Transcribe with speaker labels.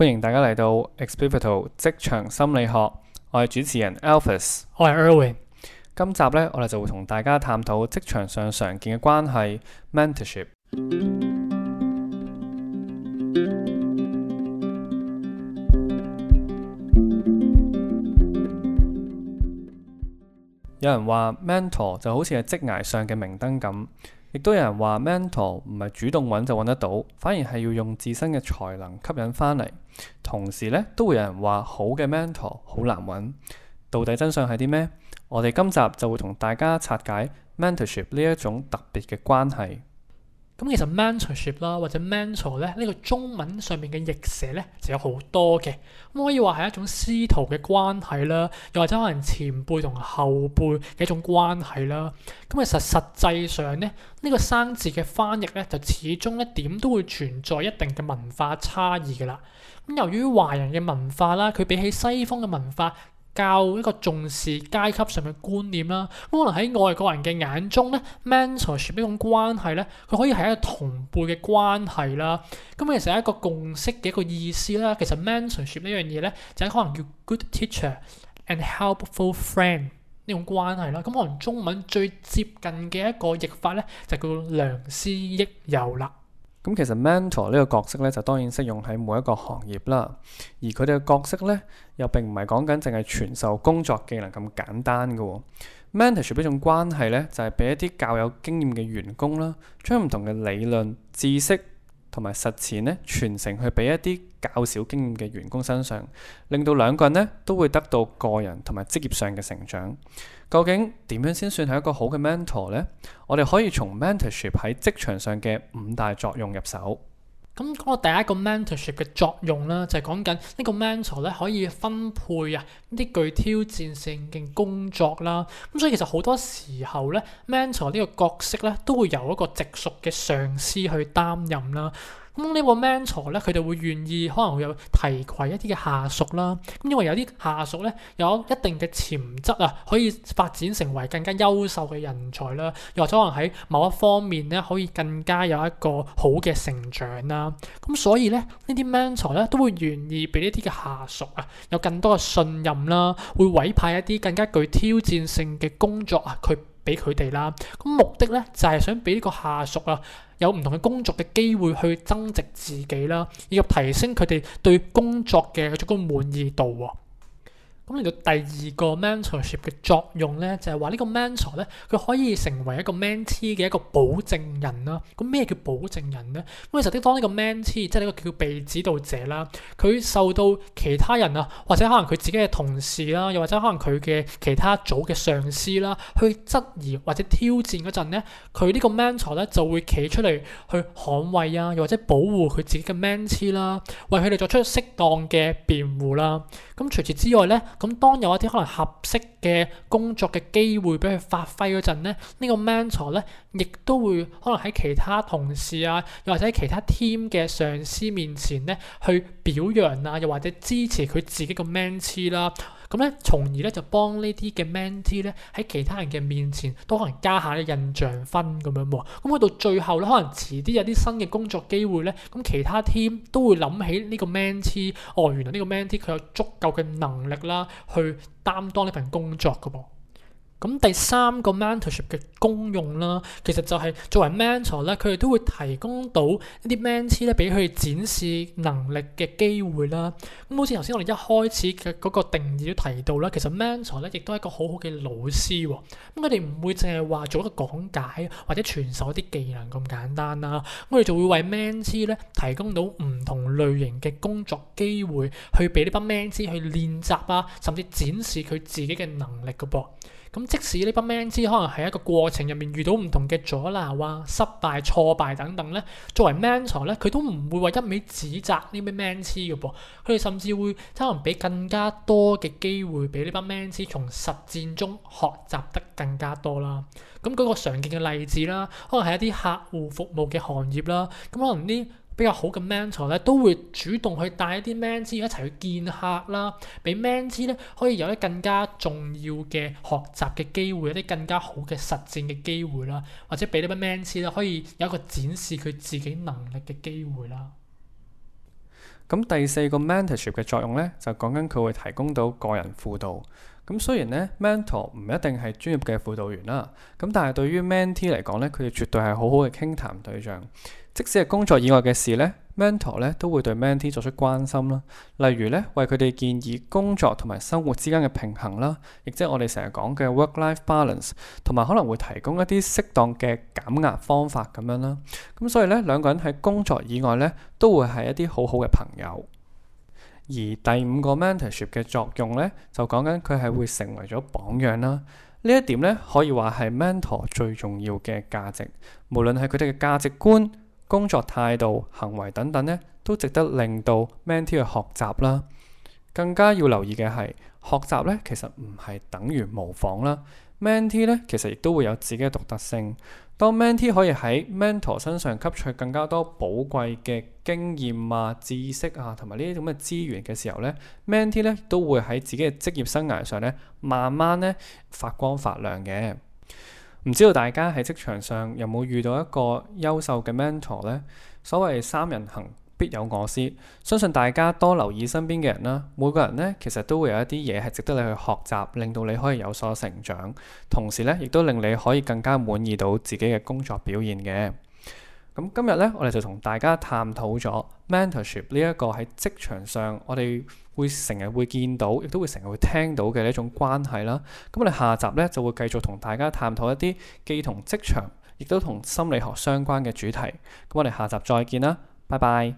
Speaker 1: 歡迎大家嚟到 Exhibit p 職場心理學，我係主持人 Alphus，我係 Erwin。今集呢，我哋就會同大家探討職場上常見嘅關係 Mentorship。Ment 有人話 mentor 就好似係職涯上嘅明燈咁。亦都有人話 mentor 唔係主動揾就揾得到，反而係要用自身嘅才能吸引翻嚟。同時呢，都會有人話好嘅 mentor 好難揾。到底真相係啲咩？我哋今集就會同大家拆解 mentorship 呢一種特別嘅關係。
Speaker 2: 咁其實 mentorship 啦，或者 mentor 咧，呢個中文上面嘅譯寫咧，就有好多嘅，咁可以話係一種師徒嘅關係啦，又或者可能前輩同後輩嘅一種關係啦。咁其實實際上咧，呢個生字嘅翻譯咧，就始終一點都會存在一定嘅文化差異㗎喇。咁由於華人嘅文化啦，佢比起西方嘅文化，教一個重視階級上嘅觀念啦，咁可能喺外國人嘅眼中咧，mentorship 呢種關係咧，佢可以係一個同輩嘅關係啦。咁其實係一個共識嘅一個意思啦。其實 mentorship 呢樣嘢咧，就係可能叫 good teacher and helpful friend 呢種關係啦。咁可能中文最接近嘅一個譯法咧，就叫良師益友啦。
Speaker 1: 咁其實 mentor 呢個角色咧，就當然適用喺每一個行業啦。而佢哋嘅角色咧，又並唔係講緊淨係傳授工作技能咁簡單嘅，哦。mentor 呢種關係咧，就係、是、俾一啲較有經驗嘅員工啦，將唔同嘅理論知識。同埋實踐呢，傳承去俾一啲較少經驗嘅員工身上，令到兩個人呢都會得到個人同埋職業上嘅成長。究竟點樣先算係一個好嘅 mentor 呢？我哋可以從 mentorship 喺職場上嘅五大作用入手。
Speaker 2: 咁嗰個第一個 mentorship 嘅作用啦，就係講緊呢個 mentor 咧可以分配啊呢啲具挑戰性嘅工作啦，咁所以其實好多時候咧，mentor 呢個角色咧都會由一個直屬嘅上司去擔任啦。咁呢個 mentor 咧，佢哋會願意可能有提携一啲嘅下屬啦。因為有啲下屬咧，有一定嘅潛質啊，可以發展成為更加優秀嘅人才啦。又或者可能喺某一方面咧，可以更加有一個好嘅成長啦。咁所以咧，呢啲 mentor 咧都會願意俾一啲嘅下屬啊，有更多嘅信任啦，會委派一啲更加具挑戰性嘅工作啊佢。俾佢哋啦，咁目的咧就係想俾呢個下屬啊，有唔同嘅工作嘅機會去增值自己啦，以及提升佢哋對工作嘅一種滿意度喎。咁嚟到第二個 mentorship 嘅作用咧，就係、是、話呢個 mentor 咧，佢可以成為一個 mentee 嘅一個保證人啦、啊。咁、嗯、咩叫保證人咧？咁、嗯、其實當呢個 mentee 即係呢個叫被指導者啦，佢受到其他人啊，或者可能佢自己嘅同事啦，又或者可能佢嘅其他組嘅上司啦，去質疑或者挑戰嗰陣咧，佢呢個 mentor 咧就會企出嚟去捍衞啊，又或者保護佢自己嘅 mentee 啦，為佢哋作出適當嘅辯護啦。咁除此之外咧，咁當有一啲可能合適嘅工作嘅機會俾佢發揮嗰陣咧，呢個 mentor 咧亦都會可能喺其他同事啊，又或者喺其他 team 嘅上司面前咧去表揚啊，又或者支持佢自己個 mentee 啦。咁咧，從而咧就幫呢啲嘅 mentee 咧喺其他人嘅面前都可能加下啲印象分咁樣喎、哦。咁去到最後咧，可能遲啲有啲新嘅工作機會咧，咁其他 team 都會諗起呢個 mentee，哦，原來呢個 mentee 佢有足夠嘅能力啦，去擔當呢份工作㗎噃。咁第三個 mentorship 嘅功用啦，其實就係作為 mentor 咧，佢哋都會提供到一啲 mentors 咧，俾佢哋展示能力嘅機會啦。咁好似頭先我哋一開始嘅嗰個定義都提到啦，其實 mentor 咧亦都係一個好好嘅老師喎、哦。咁佢哋唔會淨係話做一個講解或者傳授一啲技能咁簡單啦。咁佢哋就會為 mentor 咧提供到唔同類型嘅工作機會，去俾呢班 mentor 去練習啊，甚至展示佢自己嘅能力嘅、啊、噃。咁即使呢班 man 可能喺一個過程入面遇到唔同嘅阻撓啊、失敗、挫敗等等咧，作為 mentor 咧，佢都唔會話一味指責呢啲 man 嘅噃，佢哋甚至會可能俾更加多嘅機會俾呢班 man 痴從實戰中學習得更加多啦。咁、那、舉個常見嘅例子啦，可能係一啲客戶服務嘅行業啦，咁可能呢？比較好嘅 mentor 咧，都會主動去帶一啲 mentee 一齊去見客啦，俾 mentee 咧可以有一更加重要嘅學習嘅機會，一啲更加好嘅實踐嘅機會啦，或者俾呢班 mentee 咧可以有一個展示佢自己能力嘅機會啦。
Speaker 1: 咁第四個 mentorship 嘅作用咧，就講緊佢會提供到個人輔導。咁、嗯、雖然咧，mentor 唔一定係專業嘅輔導員啦，咁但係對於 mentee 嚟講咧，佢哋絕對係好好嘅傾談對象。即使係工作以外嘅事咧，mentor 咧都會對 mentee 作出關心啦。例如咧，為佢哋建議工作同埋生活之間嘅平衡啦，亦即係我哋成日講嘅 work-life balance，同埋可能會提供一啲適當嘅減壓方法咁樣啦。咁、嗯、所以咧，兩個人喺工作以外咧，都會係一啲好好嘅朋友。而第五個 mentorship 嘅作用呢，就講緊佢係會成為咗榜樣啦。呢一點呢，可以話係 mentor 最重要嘅價值。無論係佢哋嘅價值觀、工作態度、行為等等呢，都值得令到 mentee 去學習啦。更加要留意嘅係，學習呢其實唔係等於模仿啦。mentee 咧其實亦都會有自己嘅獨特性。當 mentee 可以喺 mentor 身上吸取更加多寶貴嘅經驗啊、知識啊，同埋呢啲咁嘅資源嘅時候咧，mentee 咧都會喺自己嘅職業生涯上咧慢慢咧發光發亮嘅。唔知道大家喺職場上有冇遇到一個優秀嘅 mentor 咧？所謂三人行。必有我師，相信大家多留意身邊嘅人啦。每個人呢，其實都會有一啲嘢係值得你去學習，令到你可以有所成長，同時呢，亦都令你可以更加滿意到自己嘅工作表現嘅。咁、嗯、今日呢，我哋就同大家探討咗 mentorship 呢一個喺職場上，我哋會成日會見到，亦都會成日會聽到嘅呢一種關係啦。咁、嗯、我哋下集呢，就會繼續同大家探討一啲既同職場亦都同心理學相關嘅主題。咁、嗯、我哋下集再見啦，拜拜。